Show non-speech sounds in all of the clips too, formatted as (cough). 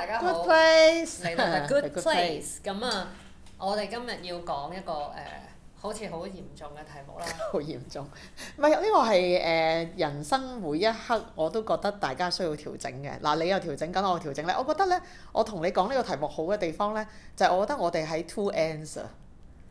大家好，嚟到係 good place。咁啊，我哋今日要講一個誒、呃，好似好嚴重嘅題目啦。好 (laughs) 嚴重，唔係呢個係誒人生每一刻我都覺得大家需要調整嘅。嗱、啊，你又調整緊，我調整咧。我覺得咧，我同你講呢個題目好嘅地方咧，就係、是、我覺得我哋喺 two ends。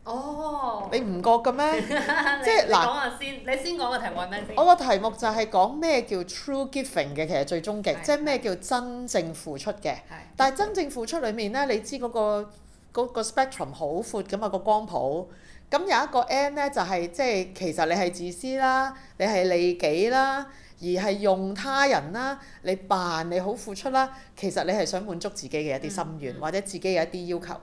哦！Oh, 你唔覺嘅咩？ (laughs) 你即係嗱，你講我說先，你先講個題目係咩先？我個題目就係講咩叫 true giving 嘅，其實最終極，對即係咩叫真正付出嘅。對但係真正付出裡面呢，你知嗰、那個嗰、那個 spectrum 好闊㗎嘛，那個光譜。咁有一個 end 呢，就係、是、即係其實你係自私啦，你係利己啦，而係用他人啦，你扮你好付出啦，其實你係想滿足自己嘅一啲心願，嗯嗯、或者自己嘅一啲要求。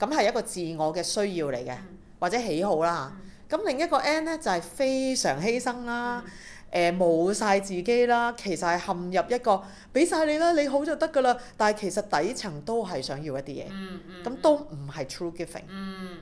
咁係一個自我嘅需要嚟嘅，或者喜好啦嚇。咁另一個 end 咧就係、是、非常犧牲啦，誒冇晒自己啦，其實係陷入一個俾晒你啦，你好就得㗎啦。但係其實底層都係想要一啲嘢，咁都唔係 true giving。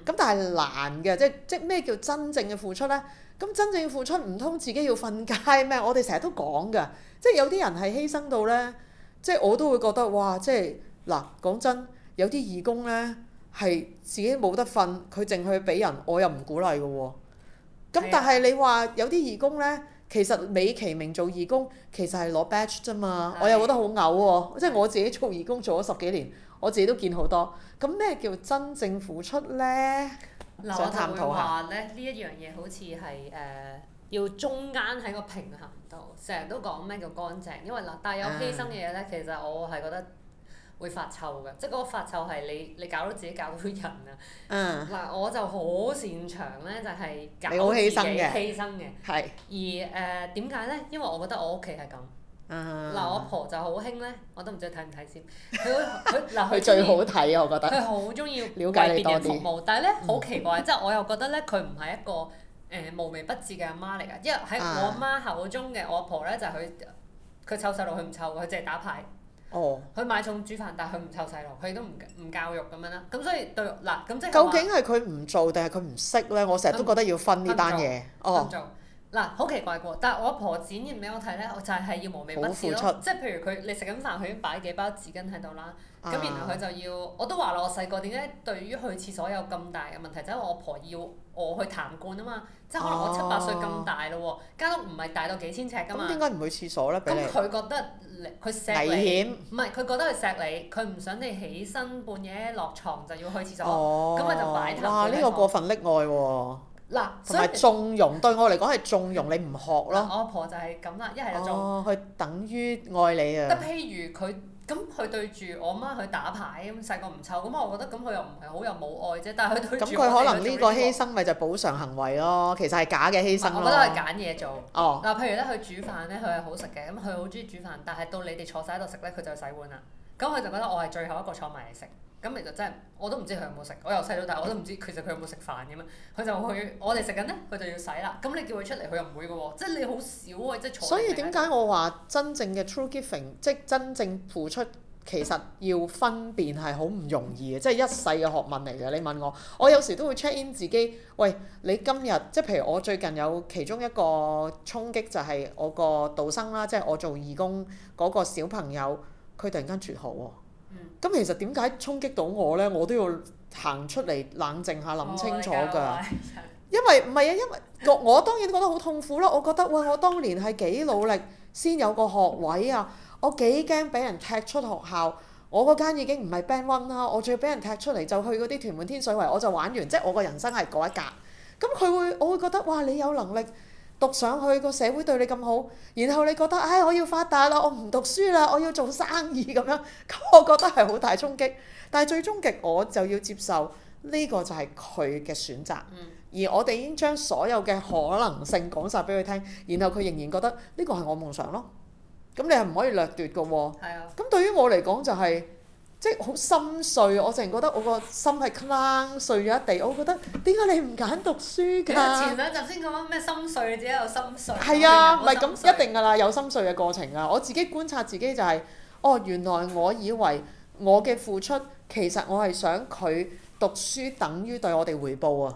咁但係難嘅，即係即係咩叫真正嘅付出咧？咁真正付出唔通自己要瞓街咩？我哋成日都講㗎，即係有啲人係犧牲到咧，即係我都會覺得哇！即係嗱，講真，有啲義工咧。係自己冇得瞓，佢淨去俾人，我又唔鼓勵嘅喎、哦。咁但係你話有啲義工呢，其實美其名做義工，其實係攞 badge 啫嘛。是的 我又覺得好嘔喎，是的 即係我自己做義工做咗十幾年，我自己都見好多。咁咩叫真正付出呢？嗱，我就會話呢一樣嘢好似係誒要中間喺個平衡度，成日都講咩叫乾淨，因為嗱，但係有犧牲嘅嘢呢，其實我係覺得，會發臭嘅，即係嗰個發臭係你你搞到自己搞到人啊！嗱，我就好擅長咧，就係搞自己犧牲嘅，而誒點解咧？因為我覺得我屋企係咁。嗱，我阿婆就好興咧，我都唔知睇唔睇先。佢佢嗱，佢最好睇啊！我覺得。佢好中意為別人服務，但係咧好奇怪，即係我又覺得咧，佢唔係一個誒無微不至嘅阿媽嚟㗎，因為喺我媽口中嘅我阿婆咧就係佢，佢湊細路，佢唔湊，佢淨係打牌。佢、oh. 買餸煮飯，但係佢唔湊細路，佢都唔唔教育咁樣啦。咁所以對，嗱咁即係。究竟係佢唔做定係佢唔識咧？嗯、我成日都覺得要分呢單嘢。哦做。Oh. 嗱，好奇怪喎！但係我阿婆展現俾我睇咧，我就係要無微不至咯。即係譬如佢你食緊飯，佢已經擺幾包紙巾喺度啦。咁、啊、然後佢就要，我都話啦，我細個點解對於去廁所有咁大嘅問題，就係、是、我阿婆要我去痰罐啊嘛。即係可能我七八歲咁大咯喎，間屋唔係大到幾千尺噶嘛。咁點解唔去廁所啦？咁佢覺得佢錫你，唔係佢覺得佢錫你，佢唔想你起身半夜落床就要去廁所。哇！呢、這個過分溺愛嗱，同埋縱容對我嚟講係縱容你唔學咯。我阿婆就係咁啦，一係就縱。哦，佢等於愛你啊。得譬如佢咁，佢對住我媽去打牌咁，細個唔湊咁，我覺得咁佢又唔係好又冇愛啫。但係佢對住。咁佢可能呢個犧牲咪就呢個犧牲就補償行為咯，其實係假嘅犧牲，我覺得佢揀嘢做。哦。嗱，譬如咧，佢煮飯咧，佢係好食嘅，咁佢好中意煮飯，但係到你哋坐晒喺度食咧，佢就洗碗啦。咁佢就覺得我係最後一個坐埋嚟食。咁其實真係我都唔知佢有冇食，我由細到大我都唔知其實佢有冇食飯嘅咩？佢就去，我哋食緊咧，佢就要洗啦。咁你叫佢出嚟，佢又唔會嘅喎。即係你好少啊，即係所以點解我話真正嘅 true giving，即係真正付出，其實要分辨係好唔容易嘅，即係一世嘅學問嚟嘅。你問我，我有時都會 check in 自己。喂，你今日即係譬如我最近有其中一個衝擊就係、是、我個導生啦，即係我做義工嗰個小朋友，佢突然間絕好喎。咁、嗯、其實點解衝擊到我呢？我都要行出嚟冷靜下，諗清楚㗎、哦。因為唔係啊，因為我當然覺得好痛苦咯。我覺得喂，我當年係幾努力 (laughs) 先有個學位啊！我幾驚俾人踢出學校。我嗰間已經唔係 Band One 啦，我仲要俾人踢出嚟，就去嗰啲屯門天水圍，我就玩完，即、就、係、是、我個人生係嗰一格。咁佢會，我會覺得，哇！你有能力。讀上去個社會對你咁好，然後你覺得唉、哎、我要發達啦，我唔讀書啦，我要做生意咁樣，咁我覺得係好大衝擊。但係最終極我就要接受呢個就係佢嘅選擇，嗯、而我哋已經將所有嘅可能性講晒俾佢聽，然後佢仍然覺得呢、這個係我夢想咯。咁你係唔可以掠奪嘅喎。咁、嗯、對於我嚟講就係、是。即係好心碎，我淨係覺得我個心係掗碎咗一地。我覺得點解你唔揀讀書嘅？前兩集先講咩心碎，只有心碎。係啊，唔係咁一定㗎啦，有心碎嘅過程啊！我自己觀察自己就係、是，哦，原來我以為我嘅付出其實我係想佢讀書等於對我哋回報啊。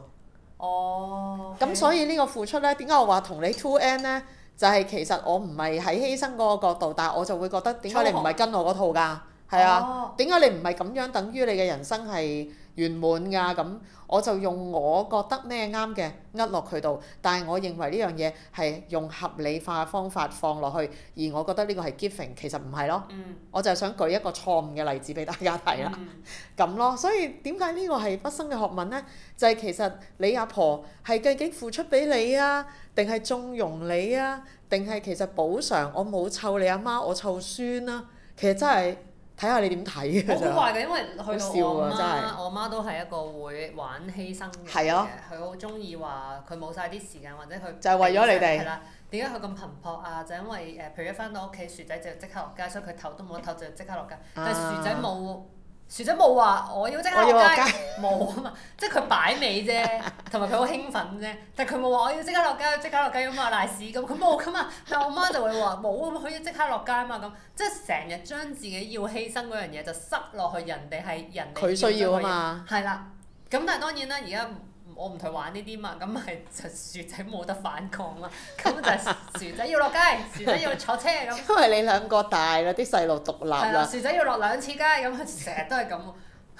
哦。咁所以呢個付出呢，點解、哦啊、我話同你 two N 呢？就係、是、其實我唔係喺犧牲嗰個角度，但係我就會覺得點解你唔係跟我嗰套㗎？係啊，點解、哦、你唔係咁樣？等於你嘅人生係圓滿噶咁，我就用我覺得咩啱嘅，呃落佢度。但係我認為呢樣嘢係用合理化方法放落去，而我覺得呢個係 giving，其實唔係咯。嗯、我就係想舉一個錯誤嘅例子俾大家睇啦。咁、嗯、咯，所以點解呢個係畢生嘅學問呢？就係、是、其實你阿婆係究竟付出俾你啊，定係縱容你啊，定係其實補償我冇湊你阿媽，我湊孫啊？其實真係。嗯睇下你點睇我好怪嘅，因為去到我媽，我媽都係一個會玩犧牲嘅，佢好中意話佢冇晒啲時間，或者佢就係為咗你哋。係啦、啊，點解佢咁頻撲啊？就因為、呃、譬如一翻到屋企，薯仔就即刻落街，所以佢唞都冇得唞，就即刻落街。但薯仔冇。啊除咗冇話我要即刻落街，冇啊 (laughs) 嘛，即係佢擺尾啫，同埋佢好興奮啫，但係佢冇話我要即刻落街，即刻落街咁啊，瀨屎咁，佢冇噶嘛。但我媽就會話冇啊，佢要即刻落街啊嘛咁，即係成日將自己要犧牲嗰樣嘢就塞落去人哋，係人哋。佢需要啊嘛。係啦，咁但係當然啦，而家。我唔同玩呢啲嘛，咁咪就薯仔冇得反抗啦，咁就薯仔要落街，薯仔要坐車咁。 (laughs) 樣因為你兩個大啦，啲細路獨立啦。薯仔要落兩次街，咁佢成日都係咁，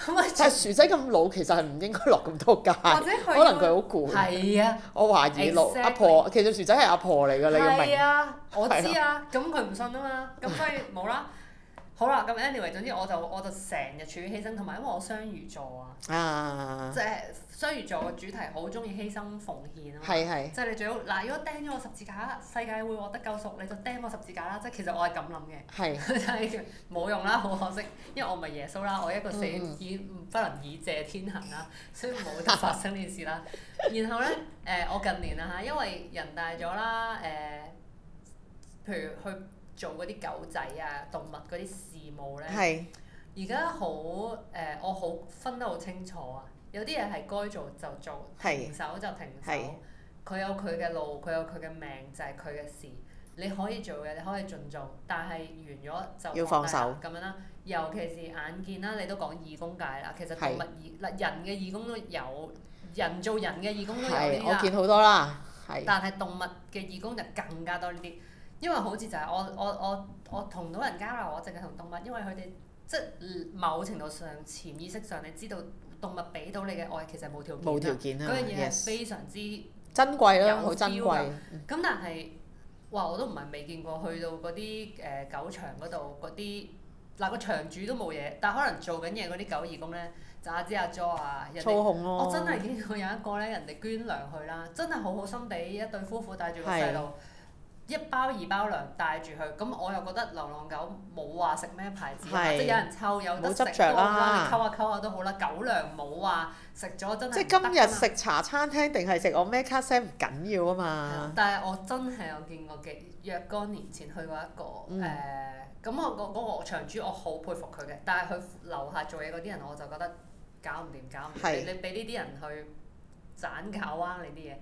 咁咪。但係薯仔咁老，其實係唔應該落咁多街。或者佢，可能佢好攰。係啊的，我懷疑落 Exactly. 阿婆，其實薯仔係阿婆嚟㗎，你明唔明？係啊，我知啊，咁佢唔信啊嘛，咁所以冇啦。好啦，咁 anyway，總之我就我就成日處於犧牲，同埋因為我雙魚座啊，即係雙魚座嘅主題好中意犧牲奉獻啊嘛，即係是是 你最好嗱，如果釘咗我十字架，世界會獲得救贖，你就釘我十字架啦。即係其實我係咁諗嘅，係冇是、 (laughs) 即係、用啦，好可惜，因為我唔係耶穌啦，我一個死已、嗯、不能以借天行啦，所以冇得發生呢件事啦。 (laughs) 然後咧，誒、呃，我近年啊嚇，因為人大咗啦，誒、呃，譬如去。做嗰啲狗仔啊，動物嗰啲事務呢，而家好誒，我好分得好清楚啊。有啲嘢係該做就做，是停手就停手。佢是有佢嘅路，佢有佢嘅命，就係佢嘅事。你可以做嘅，你可以盡做，但係完咗就要放手咁樣啦、啊。尤其是眼見啦、啊，你都講義工界啦、啊，其實動物義工是人嘅義工都有，人做人嘅義工都有啲、啊、我見好多啦，但係動物嘅義工就更加多呢啲。因為好似就係我我我我同到人交流，我淨係同動物，因為佢哋即某程度上潛意識上，你知道動物俾到你嘅愛其實冇條件，冇條件啦，嗰樣嘢係非常之珍貴咯，好珍貴。咁但係哇，我都唔係未見過去到嗰啲誒狗場嗰度嗰啲嗱，個場主都冇嘢，但係可能做緊嘢嗰啲狗義工咧，就阿芝阿 Jo 啊，人哋。啊、我真係見到有一個咧，人哋捐糧去啦，真係好好心地，一對夫婦帶住個細路。一包二包糧帶住佢，咁我又覺得流浪狗冇話食咩牌子，或者是、啊、有人抽有得食都，都好啦，溝下溝下都好啦。狗糧冇話食咗真係即係今日食茶餐廳定係食我咩卡西唔緊要啊嘛。嗯、但係我真係有見過幾若干年前去過一個誒，咁、嗯呃、我嗰嗰、嗰個嗰個場主我好佩服佢嘅，但係佢樓下做嘢嗰啲人我就覺得搞唔掂，搞唔掂，是你俾呢啲人去盞搞啊，你啲嘢。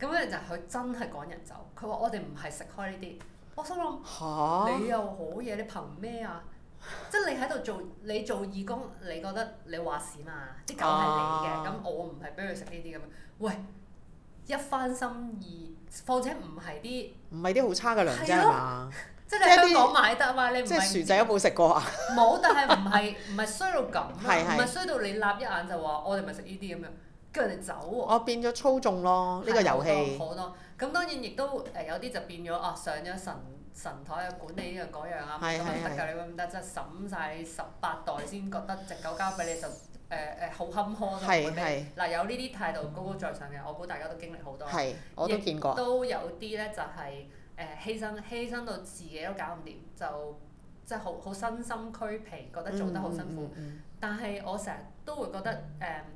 咁樣就係佢真係趕人走。佢話：我哋唔係食開呢啲。我心諗嚇，蛤你又好嘢，你憑咩啊？即係你喺度做，你做義工，你覺得你話事嘛？啲狗係你嘅，咁、啊、我唔係俾佢食呢啲咁樣。喂，一番心意，況且唔係啲唔係啲好差嘅糧真係嘛？即係你香港買得嘛？你唔係薯仔有冇食過啊？冇， (laughs) 但係唔係唔係衰到咁咯？唔係衰到你立一眼就話，我哋咪食呢啲咁樣。跟人哋走喎，啊，我、啊、變咗操縱咯。呢個遊戲好多，咁當然亦都誒有啲就變咗哦，上咗神神台，嗯、啊，管理呢樣嗰樣啊，咁唔得㗎，你會唔得即係審晒十八代先覺得隻狗交俾你就誒誒好坎坷咁樣。嗱、呃是是，有呢啲態度高高在上嘅，嗯、我估大家都經歷好多，我都見過。都有啲咧就係誒犧牲犧牲到自己都搞唔掂，就，就即係好好身心俱疲，覺得做得好辛苦。但係我成日都會覺得誒。嗯嗯嗯嗯嗯嗯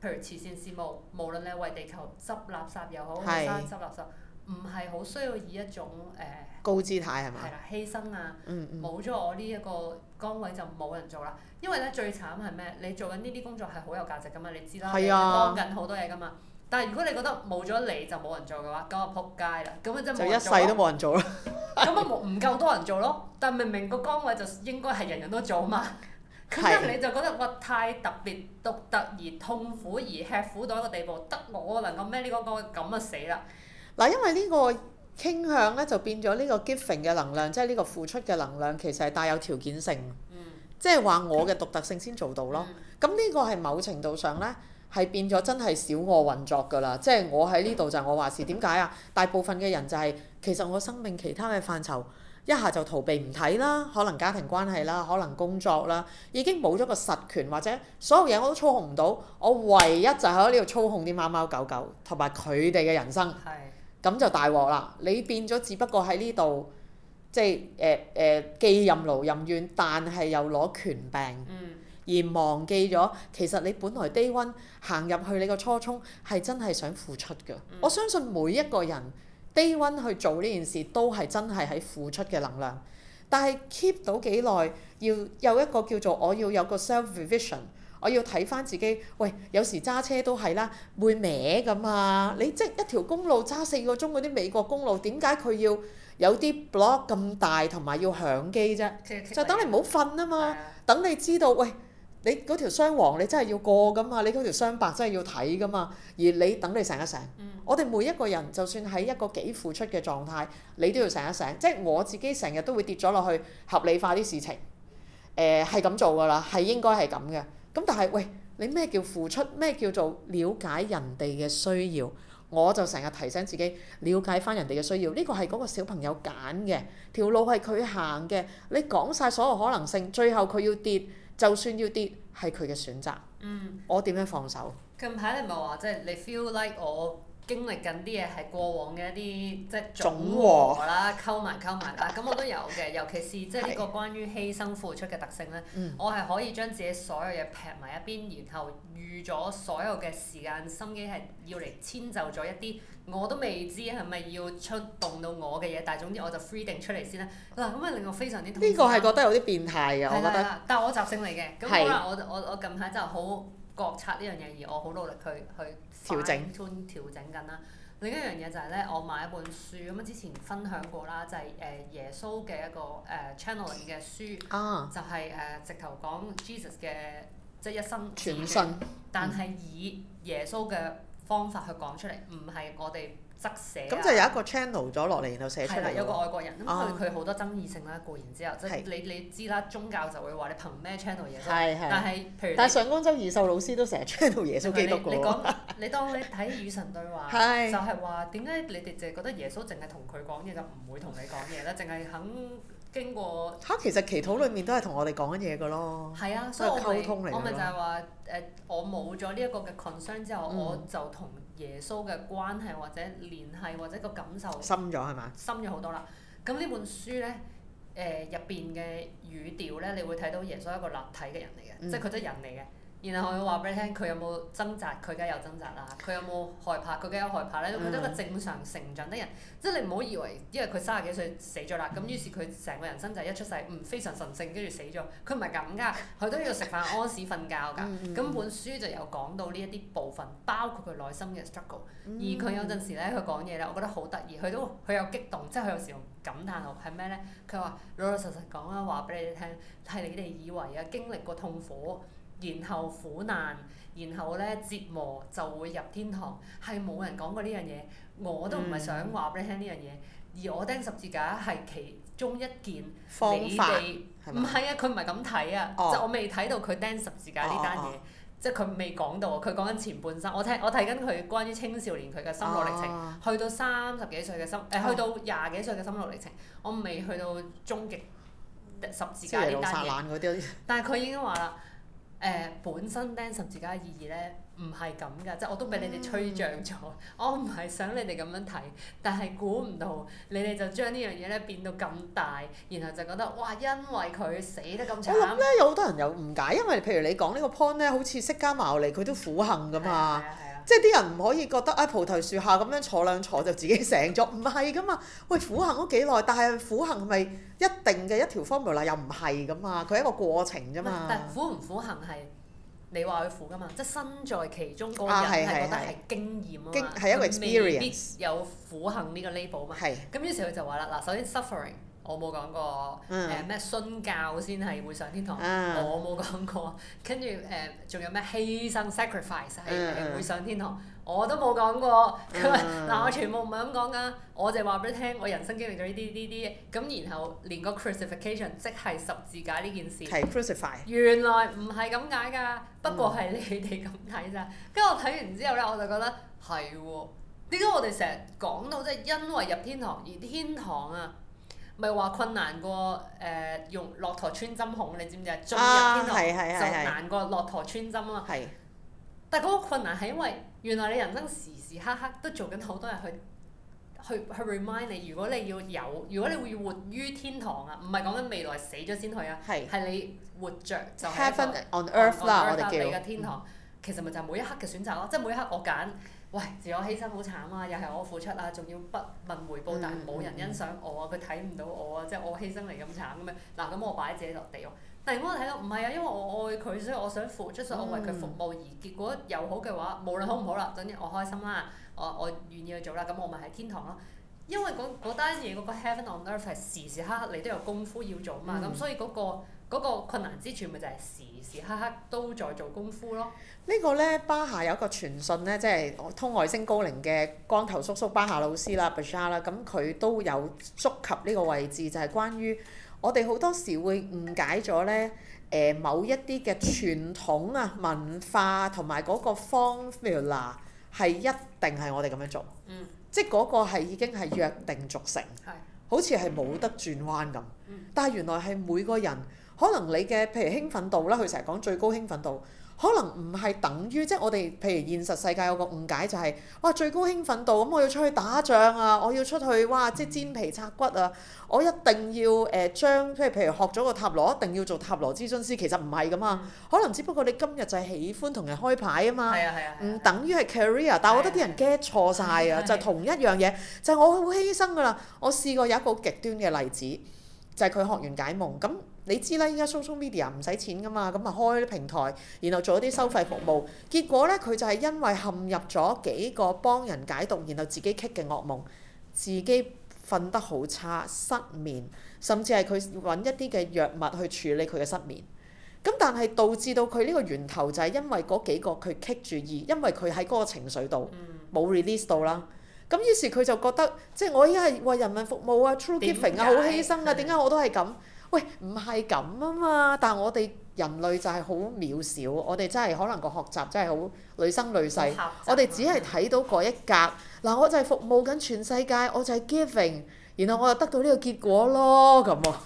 譬如慈善事務，無論你為地球執垃圾又好，學生執垃圾，唔係好需要以一種誒、呃、高姿態係咪？係啦，犧牲啊，冇咗、嗯嗯、我呢一個崗位就冇人做啦。因為咧最慘係咩？你做緊呢啲工作係好有價值噶嘛，你知啦，係啊、幫緊好多嘢噶嘛。但係如果你覺得冇咗你就冇人做嘅話，咁我仆街啦。咁啊真係一世都冇人做啦。咁啊冇唔夠多人做咯，但明明，明個崗位就應該係人人都做啊嘛。咁即你就覺得我太特別獨特而痛苦而吃苦到一個地步，得我能夠孭呢個咁啊死啦！嗱，因為呢個傾向咧就變咗呢個 giving 嘅能量，即係呢個付出嘅能量，其實係帶有條件性。即係話我嘅獨特性先做到咯。咁呢、嗯、個係某程度上咧，係變咗真係小我運作㗎啦。即、就、係、是、我喺呢度就係我話事。點解啊？大部分嘅人就係、是、其實我生命其他嘅範疇。一下就逃避唔睇啦，可能家庭關係啦，可能工作啦，已經冇咗個實權或者所有嘢我都操控唔到，我唯一就喺呢度操控啲貓貓狗狗同埋佢哋嘅人生，咁是就大鑊啦！你變咗只不過喺呢度，即係誒誒既任勞任怨，但係又攞權柄，嗯、而忘記咗其實你本來 day one 行入去你個初衷係真係想付出㗎，嗯、我相信每一個人。Day one 去做呢件事都係真係喺付出嘅能量，但係 keep 到幾耐？要有一個叫做我要有個 self-revision，我要睇返自己。喂，有時揸車都係啦，會歪㗎嘛？你即係一條公路揸四個鐘嗰啲美國公路，點解佢要有啲 block 咁大同埋要響機啫？就等你唔好瞓啊嘛！等的你知道喂。你嗰條雙黃，你真係要過㗎嘛？你嗰條雙白真係要睇㗎嘛？而你等你成日醒，我哋每一個人就算喺一個幾付出嘅狀態，你都要成日醒。即係我自己成日都會跌咗落去合理化啲事情，誒係咁做㗎喇，係應該係咁嘅。咁但係喂，你咩叫付出？咩叫做了解人哋嘅需要？我就成日提醒自己了解返人哋嘅需要。呢個係嗰個小朋友揀嘅條路係佢行嘅。你講晒所有可能性，最後佢要跌。就算要跌係佢嘅選擇。嗯、我點樣放手。近排你唔係話，即、就、係、是、你 feel like 我？經歷緊啲嘢係過往嘅一啲即係總和啦，溝埋溝埋啦。咁我都有嘅，尤其是即係呢個關於犧牲付出嘅特性咧。的我係可以將自己所有嘢劈埋一邊，然後預咗所有嘅時間心機係要嚟遷就咗一啲我都未知係咪要出動到我嘅嘢，但係總之我就 free 定出嚟先啦。嗱，咁啊令我非常之痛。呢個係覺得有啲變態嘅，對對對，我覺得。係啦的啦，但係我習性嚟嘅，咁嗱，我我我近排就好。好覺察呢樣嘢，而我好努力去去調整調整緊啦。另一樣嘢就係咧，我買一本書咁啊，之前分享過啦，就係、是、誒耶穌嘅一個誒 channeling 嘅書，啊、就係誒直頭講 Jesus 嘅即係一生傳信，但係以耶穌嘅方法去講出嚟，唔係我哋。咁就有一個 channel 咗落嚟，然後寫出嚟。有個外國人，咁佢佢好多爭議性啦。固然之後，即係你你知啦，宗教就會話你憑咩 channel 嘢啫？係係。但係，上江州義秀老師都成日 channel 耶穌基督你你講，你當你睇與神對話，就係話點解你哋淨係覺得耶穌淨係同佢講嘢，就唔會同你講嘢咧？淨係肯經過嚇，其實祈禱裡面都係同我哋講緊嘢嘅咯。係啊，所以溝通嚟我咪就係話誒，我冇咗呢一個嘅 concern 之後，我就同。耶穌嘅關係，或者聯繫，或者個感受深咗係嘛？深咗好多啦。咁呢本書咧，誒入邊嘅語調咧，你會睇到耶穌係一個立體嘅人嚟嘅，嗯、即係佢都係人嚟嘅。然後佢話俾你聽，佢有冇掙扎？佢梗係有掙扎啦！佢有冇害怕？佢梗有害怕咧。佢都係正常成長的人，mm hmm. 即係你唔好以為，因為佢三十幾歲死咗啦，咁於是佢成個人生就係一出世，嗯，非常神聖，跟住死咗。佢唔係咁噶，佢都要食飯、屙屎、瞓覺㗎。咁、mm hmm. 本書就有講到呢一啲部分，包括佢內心嘅 struggle 而。而佢有陣時咧，佢講嘢咧，我覺得好得意。佢都佢有激動，即係佢有時候感嘆到係咩咧？佢話老老實實講啊，話俾你哋聽，係你哋以為啊經歷過痛苦。然後苦難，然後咧折磨就會入天堂，係冇人講過呢樣嘢。我都唔係想話俾你聽呢樣嘢，嗯、而我釘十字架係其中一件。方法。唔係啊，佢唔係咁睇啊，哦、就我未睇到佢釘十字架呢單嘢，即係佢未講到。佢講緊前半生，我聽我睇緊佢關於青少年佢嘅心路歷程，去到三十幾歲嘅心，誒、哎、去到廿幾歲嘅心路歷程，哦、我未去到終極十字架呢單嘢。但係佢已經話啦。誒、呃、本身釘十字架嘅意義咧。唔係咁㗎，即係、就是、我都俾你哋吹脹咗。嗯、我唔係想你哋咁樣睇，但係估唔到你哋就將呢樣嘢咧變到咁大，然後就覺得哇，因為佢死得咁長。我諗咧有好多人有誤解，因為譬如你講呢個 point 咧，好似釋迦牟尼佢都苦行㗎嘛，即係啲人唔可以覺得啊，菩、哎、提樹下咁樣坐兩坐就自己醒咗，唔係㗎嘛。喂，苦行咗幾耐，但係苦行咪一定嘅一條方 o r 啦，又唔係㗎嘛，佢係一個過程啫嘛。但苦唔苦行係？你話佢苦噶嘛？即係身在其中嗰個人係覺得係經驗啊嘛，啊是是是是佢未必有苦行呢個 label 嘛。咁是於是佢就話啦：嗱，首先 suffering 我冇講過，誒咩殉教先係會上天堂，嗯、我冇講過。跟住誒，仲有咩犧牲 sacrifice 係係會上天堂？嗯嗯我都冇講過，嗱，我全部唔係咁講噶，我就話俾你聽，我人生經歷咗呢啲呢啲，咁然後連個 crucification 即係十字架呢件事，係，原來唔係咁解噶，不過係你哋咁睇咋，跟住我睇完之後呢，我就覺得係喎，點解我哋成日講到即係因為入天堂而天堂啊，咪話困難過誒、呃、用駱駝穿針孔，你知唔知啊？進入天堂就難過駱駝穿針啊嘛。但係嗰個困難係因為原來你人生時時刻刻都做緊好多人去去去 remind 你，如果你要有，如果你會活於天堂啊，唔係講緊未來死咗先去啊，係你活着就係喺個 on earth 其實咪就係每一刻嘅選擇咯，即係每一刻我揀，喂，自我犧牲好慘啊，又係我付出啊，仲要不問回報但係冇人欣賞我啊，佢睇唔到我啊，即係我犧牲嚟咁慘咁樣，嗱咁我擺自己落地咯。嗱，但我睇到唔係啊，因為我愛佢，所以我想付出，所以我為佢服務、嗯、而結果又好嘅話，無論好唔好啦，等於我開心啦，我我願意去做啦，咁我咪喺天堂咯。因為嗰單嘢嗰個 heaven on earth 係時時刻刻你都有功夫要做啊嘛，咁、嗯、所以嗰、嗰個嗰個困難之處咪就係時時刻刻都在做功夫咯。呢、嗯、個呢，巴夏有一個傳訊呢，即係通外星高靈嘅光頭叔叔巴夏老師啦 Bashar 啦，咁佢都有觸及呢個位置，就係、是、關於。我哋好多時會誤解咗咧，誒、呃、某一啲嘅傳統啊文化同埋嗰個 formula 係一定係我哋咁樣做，嗯、即係嗰個係已經係約定俗成，是好似係冇得轉彎咁。嗯、但係原來係每個人，可能你嘅譬如興奮度啦，佢成日講最高興奮度。可能唔係等於，即係我哋譬如現實世界有個誤解就係、是，哇最高興奮度，咁我要出去打仗啊，我要出去，哇即係煎皮拆骨啊，我一定要誒、呃、將即係譬，譬如學咗個塔羅，一定要做塔羅諮詢師，其實唔係噶嘛，嗯、可能只不過你今日就係喜歡同人開牌啊嘛，唔、啊啊啊、等於係 career、啊啊啊、但係我覺得啲人 get 錯曬啊，就同一樣嘢，就係、是、我好犧牲㗎啦，我試過有一個極端嘅例子。就係佢學完解夢，咁你知啦，依家 social media 唔使錢㗎嘛，咁啊開啲平台，然後做一啲收費服務，結果咧佢就係因為陷入咗幾個幫人解讀，然後自己 kick 嘅噩夢，自己瞓得好差，失眠，甚至係佢揾一啲嘅藥物去處理佢嘅失眠，咁但係導致到佢呢個源頭就係因為嗰幾個佢 kick 住意，因為佢喺嗰個情緒度冇 release 到啦。嗯咁於是佢就覺得，即係我依家係為人民服務啊，true giving 啊，好何犧牲啊，點解我都係咁？是的 喂，唔係咁啊嘛！但係我哋人類就係好渺小，我哋真係可能個學習真係好女生女細，啊、我哋只係睇到嗰一格。嗱是的，我就係服務緊全世界，我就係 giving，然後我就得到呢個結果咯，咁啊。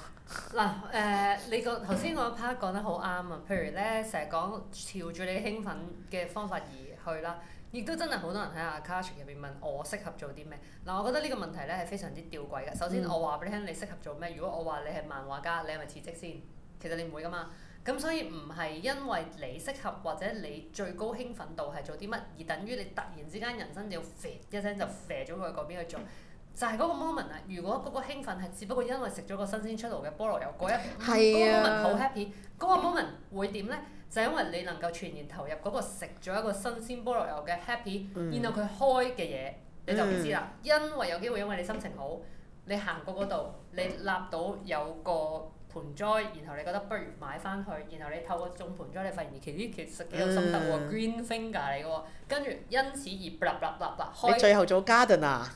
嗱，誒，你個頭先嗰 part 講得好啱啊！譬如咧，成日講朝住你興奮嘅方法而去啦。亦都真係好多人喺阿 Cache 入邊問我適合做啲咩？嗱、啊，我覺得呢個問題咧係非常之吊詭嘅。首先、嗯、我話俾你聽，你適合做咩？如果我話你係漫畫家，你係咪辭職先？其實你唔會噶嘛。咁所以唔係因為你適合或者你最高興奮度係做啲乜，而等於你突然之間人生就要 fit 一聲就 fit 咗去嗰邊去做。嗯、就係嗰個 moment 啊！如果嗰個興奮係只不過因為食咗個新鮮出爐嘅菠蘿油嗰一 moment 好 happy，嗰個 moment、那個、會點咧？就因為你能夠全然投入嗰個食咗一個新鮮菠蘿油嘅 happy，嗯、然後佢開嘅嘢你就唔知啦。嗯、因為有機會，因為你心情好，你行過嗰度，你立到有個盆栽，然後你覺得不如買返去，然後你透過種盆栽，你發現其實其實幾有心得喎、哦嗯、green finger 嚟喎、哦，跟住因此而揦揦揦揦開，你最後做 gardener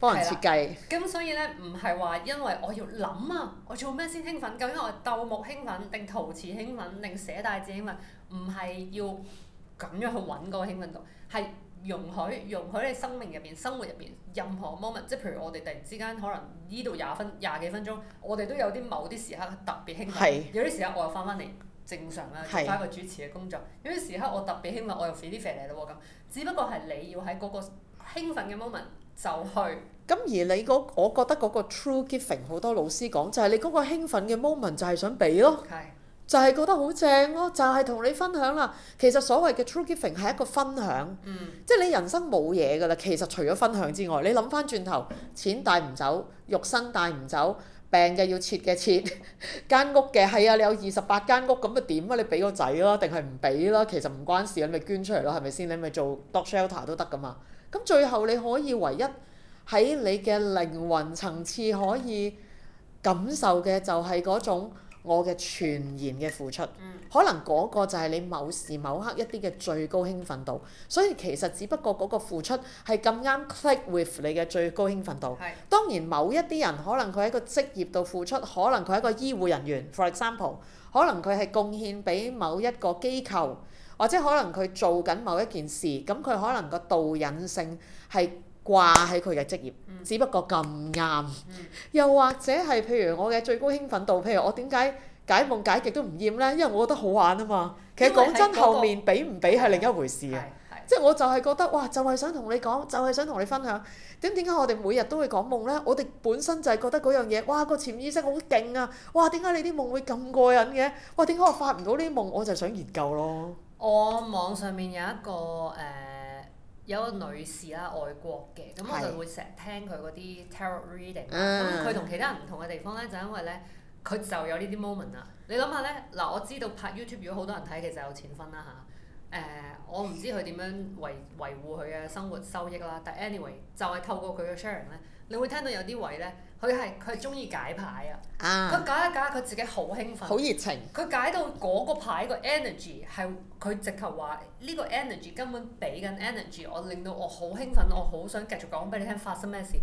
幫人設計，啊。咁所以咧，唔係話因為我要諗啊，我做咩先興奮？究竟我係鬥木興奮定陶瓷興奮定寫大字興奮？唔係要咁樣去揾嗰個興奮度，係容許容許你生命入邊、生活入邊任何 moment，即係譬如我哋突然之間可能呢度廿分廿幾分鐘，我哋都有啲某啲時刻特別興奮，是有啲時刻我又翻返嚟正常啦，做翻一個主持嘅工作。有啲時刻我特別興奮，我又肥啲肥 e 嚟咯喎咁。只不過係你要喺嗰個興奮嘅 moment。就去。咁、嗯、而你嗰、那個，我覺得嗰個 true giving 好多老師講就係、是、你嗰個興奮嘅 moment 就係想俾咯，Okay. 咯，就係覺得好正咯，就係同你分享啦。其實所謂嘅 true giving 係一個分享，嗯、即係你人生冇嘢㗎啦。其實除咗分享之外，你諗翻轉頭，錢帶唔走，肉身帶唔走，病嘅要切嘅切， (laughs) 間屋嘅係啊，你有二十八間屋咁啊點啊？你俾個仔咯，定係唔俾啦？其實唔關事啊，你咪捐出嚟咯，係咪先？你咪做 dog shelter 都得㗎嘛。咁最後你可以唯一喺你嘅靈魂層次可以感受嘅就係嗰種我嘅全然嘅付出，嗯、可能嗰個就係你某時某刻一啲嘅最高興奮度。所以其實只不過嗰個付出係咁啱 click with 你嘅最高興奮度。係當然某一啲人可能佢喺個職業度付出，可能佢係一個醫護人員、嗯，for example，可能佢係貢獻俾某一個機構。或者可能佢做緊某一件事，咁佢可能個導引性係掛喺佢嘅職業，嗯、只不過咁啱。嗯、又或者係譬如我嘅最高興奮度，譬如我點解解夢解極都唔厭呢？因為我覺得好玩啊嘛。其實講、那個、真，後面俾唔俾係另一回事即係、那個、我就係覺得哇，就係、是、想同你講，就係、是、想同你分享。點點解我哋每日都會講夢呢？我哋本身就係覺得嗰樣嘢哇，個潛意識好勁啊！哇，點解你啲夢會咁過癮嘅？哇，點解我發唔到呢啲夢？我就想研究咯。我網上面有一個誒、呃，有一個女士啦，外國嘅，咁是我就會成日聽佢嗰啲 tarot reading、啊。咁佢同其他人唔同嘅地方咧，就因為咧，佢就有呢啲 moment 啊。你諗下咧，嗱我知道拍 YouTube 如果好多人睇，其實有錢分啦嚇。誒、啊，我唔知佢點樣維維護佢嘅生活收益啦。但 anyway，就係透過佢嘅 sharing 咧。你會聽到有啲位呢，佢係佢係中意解牌啊！佢解一解，佢自己好興奮，好熱情。佢解到嗰個牌個 energy 係，佢直頭話呢個 energy 根本俾緊 energy，我令到我好興奮，我好想繼續講俾你聽發生咩事。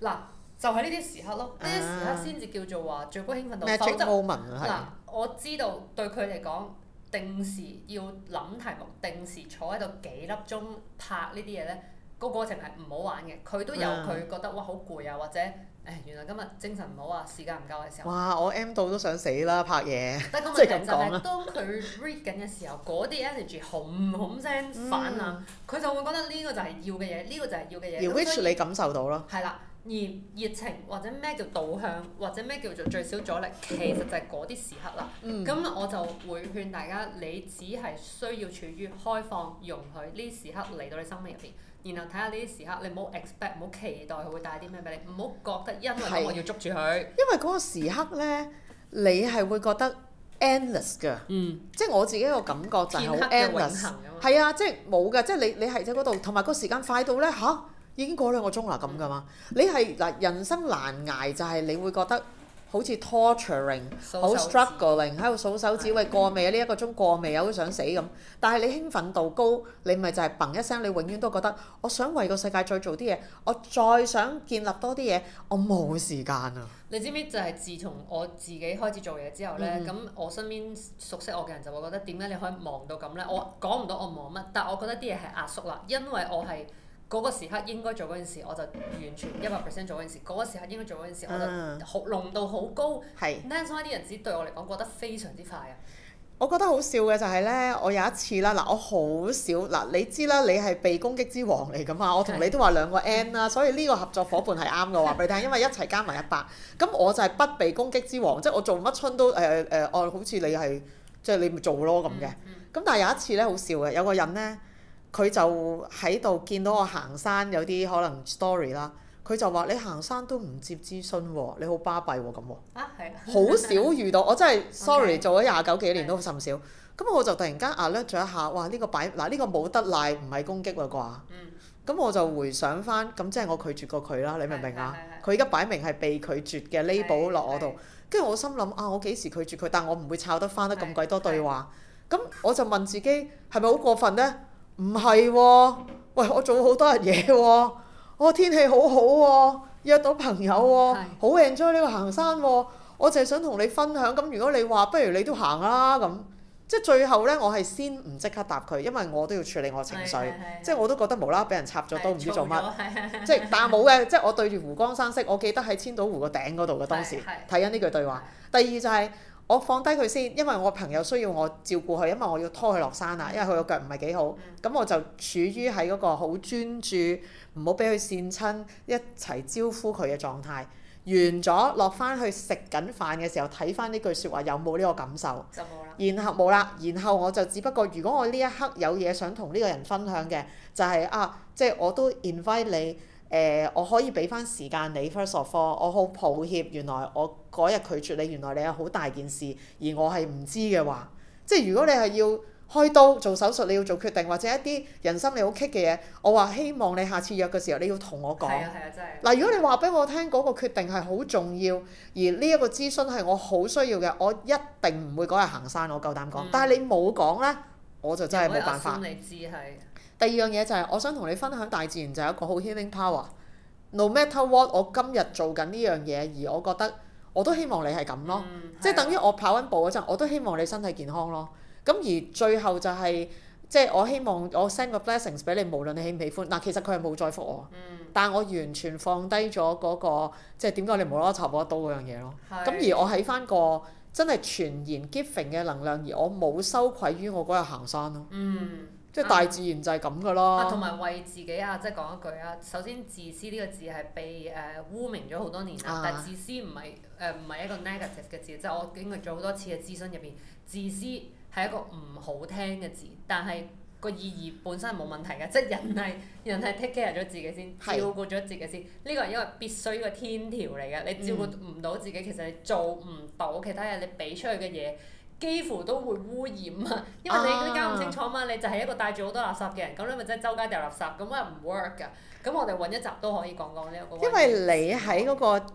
嗱，就係呢啲時刻咯，呢啲、啊、時刻先至叫做話最高興奮度，Magic Moment，否則，嗱，係嘅，我知道對佢嚟講，定時要諗題目，定時坐喺度幾粒鐘拍呢啲嘢呢。個過程係唔好玩嘅，佢都有佢覺得哇好攰啊，或者誒、哎、原來今日精神唔好啊，時間唔夠嘅時候。哇！我 M 到都想死啦拍嘢，即係咁講啦。當佢 read 緊嘅時候，嗰啲 energy 轟轟聲反響，佢、嗯、就會覺得呢個就係要嘅嘢，呢個就係要嘅嘢。而 which 你感受到咯？係啦，而熱情或者咩叫導向，或者咩叫做最少阻力，其實就係嗰啲時刻啦。咁、嗯、我就會勸大家，你只係需要處於開放，容許呢時刻嚟到你生命入邊。然後睇下呢啲時刻，你唔好 expect，唔好期待佢會帶啲咩俾你，唔好覺得因為我要捉住佢。因為嗰個時刻呢，你係會覺得 endless 㗎，嗯、即係我自己個感覺就係好 endless。係啊，即係冇㗎，即係你你係喺嗰度，同埋個時間快到呢，吓、啊，已經過兩個鐘啦咁㗎嘛。嗯、你係嗱人生難捱就係你會覺得。好似 torturing，好 struggling，喺度數手指，手指喂過未啊？呢、嗯、一個鐘過未啊？好想死咁。但係你興奮度高，你咪就係砰一聲，你永遠都覺得我想為個世界再做啲嘢，我再想建立多啲嘢，我冇時間啊！嗯、你知唔知就係、係、自從我自己開始做嘢之後呢，咁、嗯、我身邊熟悉我嘅人就會覺得點解你可以忙到咁呢？我講唔到我忙乜，但我覺得啲嘢係壓縮啦，因為我係。嗰個時刻應該做嗰件事，我就完全一百 percent 做嗰件事。嗰個時刻應該做嗰件事，我就好濃度好高。Learn from 啲人，只對我嚟講覺得非常之快啊！我覺得好笑嘅就係咧，我有一次啦，嗱我好少嗱，你知啦，你係被攻擊之王嚟噶嘛，我同你都話兩個 N 啦，所以呢個合作伙伴係啱嘅，話俾你聽，因為一齊加埋一百。咁我就係不被攻擊之王，即係我做乜春都誒誒，我好似你係，即係你咪做咯咁嘅。咁但係有一次咧，好笑嘅，有個人咧。佢就喺度見到我行山，有啲可能 story 啦。佢就話：你行山都唔接諮詢喎，你好巴閉喎咁喎。啊，係。好少遇到，我真係 sorry，做咗廿九幾年都甚少。咁我就突然間 alert 咗一下，哇！呢個擺嗱，呢個冇得賴，唔係攻擊喎啩。嗯。咁我就回想翻，咁即係我拒絕過佢啦，你明唔明啊？佢而家擺明係被拒絕嘅 label 落我度，跟住我心諗啊，我幾時拒絕佢？但我唔會炒得翻得咁鬼多對話。咁我就問自己，「係咪好過分呢？」唔係喎，喂！我做好多日嘢喎、哦，我天氣好好、哦、喎，約到朋友喎、哦，好 enjoy 呢個行山喎、哦。我淨係想同你分享，咁如果你話不如你都行啦咁，即係最後呢，我係先唔即刻答佢，因為我都要處理我情緒，即係我都覺得無啦啦俾人插咗都唔知做乜。即係但係冇嘅， (laughs) 即係我對住湖光山色，我記得喺千島湖個頂嗰度嘅當時睇緊呢句對話。 (laughs) 第二就係、是。我放低佢先，因為我朋友需要我照顧佢，因為我要拖佢落山啊，因為佢個腳唔係幾好。咁，嗯，我就處於喺嗰個好專注，唔好俾佢跣親，一齊招呼佢嘅狀態。完咗落翻去食緊飯嘅時候，睇翻呢句説話有冇呢個感受？就冇啦。然後冇啦，然後我就只不過，如果我呢一刻有嘢想同呢個人分享嘅，就係啊，即係我都 invite 你。誒、呃，我可以俾翻時間你 first of all，我好抱歉，原來我嗰日拒絕你，原來你係好大件事，而我係唔知嘅話，即係如果你係要開刀做手術，你要做決定，或者一啲人生你好棘嘅嘢，我話希望你下次約嘅時候你要同我講。嗱、啊啊啊，如果你話俾我聽嗰、啊、個決定係好重要，而呢一個諮詢係我好需要嘅，我一定唔會嗰日行山，我夠膽講。嗯、但係你冇講呢，我就真係冇辦法。嗯嗯嗯嗯第二樣嘢就係，我想同你分享大自然就係一個好 healing power。No matter what，我今日做緊呢樣嘢，而我覺得我都希望你係咁咯，即係等於我跑緊步嗰陣，我都希望你身體健康咯。咁而最後就係，即係我希望我 send 個 blessings 俾你，無論你喜唔喜歡。嗱，其實佢係冇再復我，但係我完全放低咗嗰個，即係點解你無啦啦插我一刀嗰樣嘢咯。咁而我喺翻個真係全然 gifting 嘅能量，而我冇羞愧於我嗰日行山咯。即係大自然就係咁㗎囉。同、啊、埋為自己啊，即係講一句啊。首先，自私呢個字係被誒、呃、污名咗好多年啦。啊、但係自私唔係誒唔係一個 negative 嘅字，即係、啊、我經歷咗好多次嘅諮詢入邊，自私係一個唔好聽嘅字，但係個意義本身係冇問題嘅。即係人係人係 take care 咗自己先，是 照顧咗自己先。呢個係因為必須個天條嚟嘅。你照顧唔到自己，嗯、其實你做唔到其他嘢，你俾出去嘅嘢。幾乎都會污染啊，因為你搞唔清楚嘛，你就係一個帶住好多垃圾嘅人，咁你咪真係周街掉垃圾，咁啊唔 work 㗎。咁我哋揾一集都可以講講呢個。因為你喺嗰個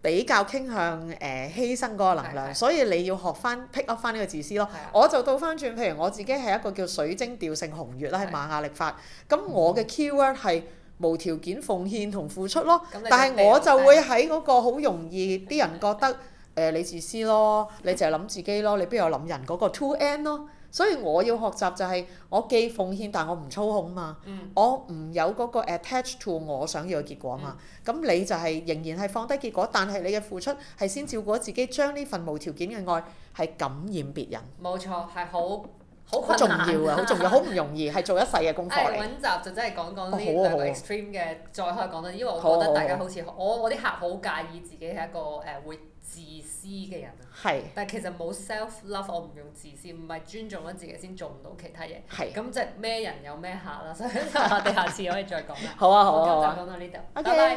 比較傾向誒犧牲嗰個能量，所以你要學翻 pick up 翻呢個自私咯。我就倒翻轉，譬如我自己係一個叫水晶調性紅月啦，係瑪雅曆法。咁我嘅 keyword 係無條件奉獻同付出咯。但係我就會喺嗰個好容易啲人覺得。誒、呃、你自私咯，你就係諗自己咯，你邊有諗人嗰個 two end 咯？所以我要學習就係、是、我既奉獻，但我唔操控嘛。嗯、我唔有嗰個 attach to 我想要嘅結果嘛。咁、嗯嗯、你就係仍然係放低結果，但係你嘅付出係先照顧自己，將呢份無條件嘅愛係感染別人。冇錯，係好好重要啊！好重要，好唔容易，係做一世嘅功課嚟。今、 (laughs) 哎、集就真係講講呢兩個 extreme 嘅，再可以講多，因為我覺得大家好似我我啲客好介意自己係一個誒、呃、會。自私嘅人啊，是但係其實冇 self love，我唔用自私，唔係尊重緊自己先做唔到其他嘢。咁即是就咩人有咩客啦， (laughs) 所以我哋下次可以再講啦、 (laughs) 啊。好啊好啊好講，好好到呢度拜拜。okay,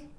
b bye